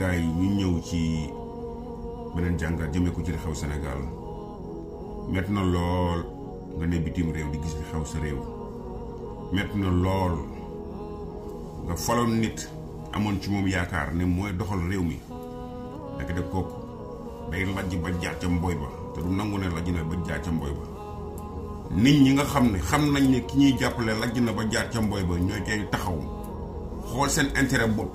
gars yi ñu ñëw ci beneen jàngat jëmee ko ci li xew Sénégal metti na lool nga ne bitim réew di gis li xew sa réew metti na lool nga faloon nit amoon ci moom yaakaar ne mooy doxal réew mi nekk de kooku day lajj ba jaaca mbooy ba te du nangu ne lajj na ba jaaca mboy ba nit ñi nga xam ne xam nañ ne ki ñuy jàppale lajj na ba jaar ca mboy ba ñooy koy taxaw xool seen intérêt bopp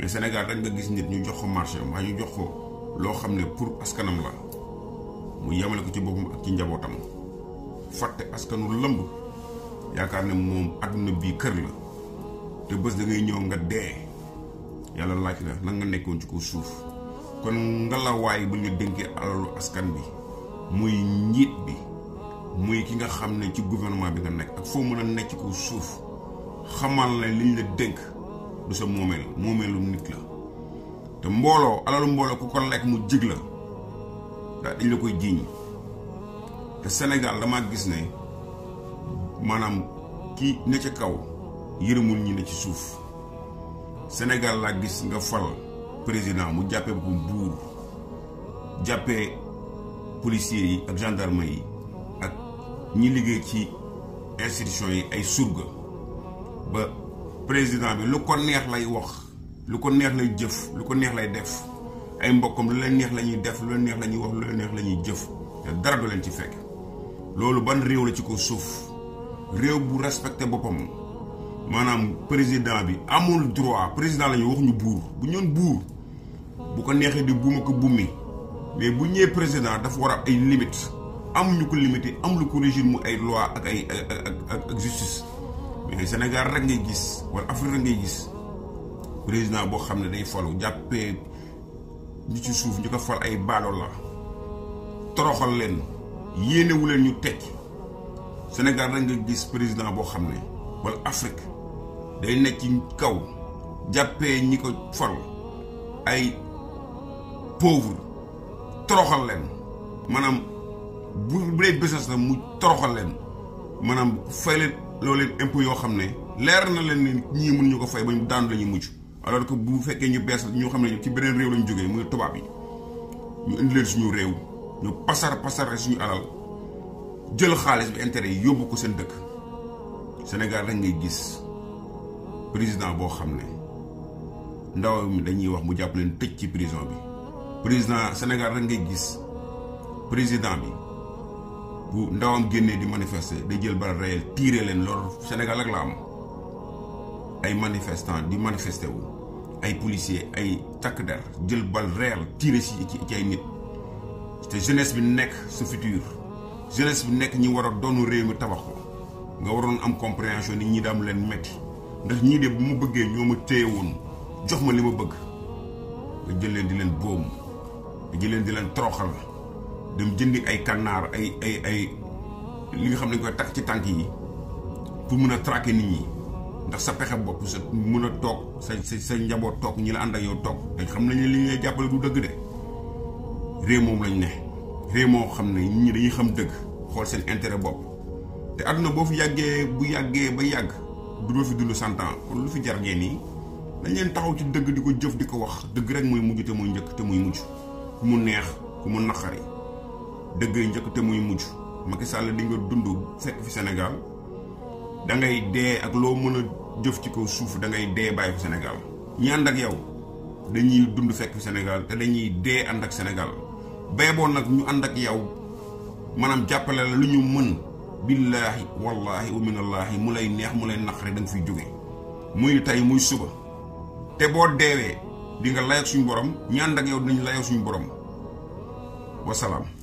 mais Sénégal rek nga gis nit ñu jox ko marché maa ñu jox ko loo xam ne pour askanam la mu yemale ko ci boppam ak ci njabootam fàtte askanu lëmb yaakaar ne moom adduna bii kër la te bés da ngay ñëw nga dee yàlla laaj la nan nga nekkoon ci ko suuf kon ngalawaay bu ñu dénkee alalu askan bi muy njiit bi muy ki nga xam ne ci gouvernement bi nga nekk ak foo mën a nekk ko suuf xamal na liñ la dénk. du sa moomeel moomeelum nit la te mbooloo alalu mbooloo ku ko lekk mu jig la daa dañ la koy jiiñ te Sénégal damaa gis ne maanaam ki ne ca kaw yërëmul ñi ne ci suuf Sénégal laa gis nga fal président mu jàppee bu buur jàppee policiers yi ak gendarme yi ak ñi liggéey ci institution yi ay surga ba président bi lu ko neex lay wax lu ko neex lay jëf lu ko neex lay def ay mbokkam lu leen neex la ñuy def lu leen neex la ñuy wax lu leen neex la ñuy jëf dara du leen ci fekk loolu ban réew la ci ko suuf réew bu respecté boppam maanaam président bi amul droit président la ñu wax ñu buur bu ñoon buur bu ko neexee di buuma ko bummi mais bu ñëwee président dafa war a ay limite amuñu ko limité am lu ko régime mu ay loi ak ay ak ak justice mais Sénégal rek ngay gis wala Afrique rek ngay gis président boo xam ne day falu jàppee ñu ci suuf ñu ko fal ay balo la toroxal leen yéenewu leen ñu teg Sénégal rek nga gis président boo xam ne walla Afrique day nekk ci kaw jàppee ñi ko fal ay pauvre toroxal leen maanaam bu bu dee business la mu toroxal leen maanaam fay leen. loo leen impôt yoo xam ne leer na leen ni ñii mënuñu ko fay ba ñu daanu la ñuy mujj alors que bu fekkee ñu bees ñoo xam ne ci beneen réew lañu jógee muy tubaab yi ñu indi leen suñu réew ñu pasar pasare suñu alal jël xaalis bi intérêt yi yóbbu ko seen dëkk Sénégal rek ngay gis président boo xam ne ndaw mi dañuy wax mu jàpp leen tëj ci prison bi président Sénégal rek ngay gis président bi bu ndawam génnee di manifester day jël bal réel tiire leen lor Sénégal ak la am ay manifestants di manifester wu ay policiers ay takk der jël bal réel tiire si ci ay nit te jeunesse bi nekk su futur jeunesse bi nekk ñi war a doonu réew mi tabax ko nga waroon am compréhension ni ñi daam leen metti ndax ñii de bu ma bëggee ñoo ma téye jox ma li ma bëgg nga jël leen di leen boom nga jël leen di leen toroxal dem jëndi ay kanar ay ay ay li nga xam koy tak ci tank yi pour mën traquer nit ñi ndax sa pexe bopp sa mën tok sa sa njabo tok ñi la and ak yow tok dañ xam nañ li ngay jappal du dëgg de re mom lañ ne re mo xam ne nit ñi dañuy xam dëgg xol seen intérêt bop té aduna bo fi yàggee bu yàggee ba yàgg du do fi dund 100 ans kon lu fi jar ngeen nii dañ leen taxaw ci dëgg diko jëf diko wax dëgg rek moy mujj te mooy njëkk te mujj ku mu neex ku mu naxari deugay yi ñëk te muy muju Macky Sall di nga dundu fekk fi Sénégal da ngay dé ak lo mëna jëf ci ko suuf da ngay dé bay fi Sénégal ñaan ak yow dañuy dund fekk fi Sénégal te dañuy dé and ak Sénégal bébon nak ñu and ak yow manam jappalé la lu ñu mën billahi wallahi wa minallahi mu lay neex mu lay naxré dang fi joggé muy tay muy suba té bo déwé di nga lay ak suñu borom ñaan ak yow dañu lay suñu borom wassalam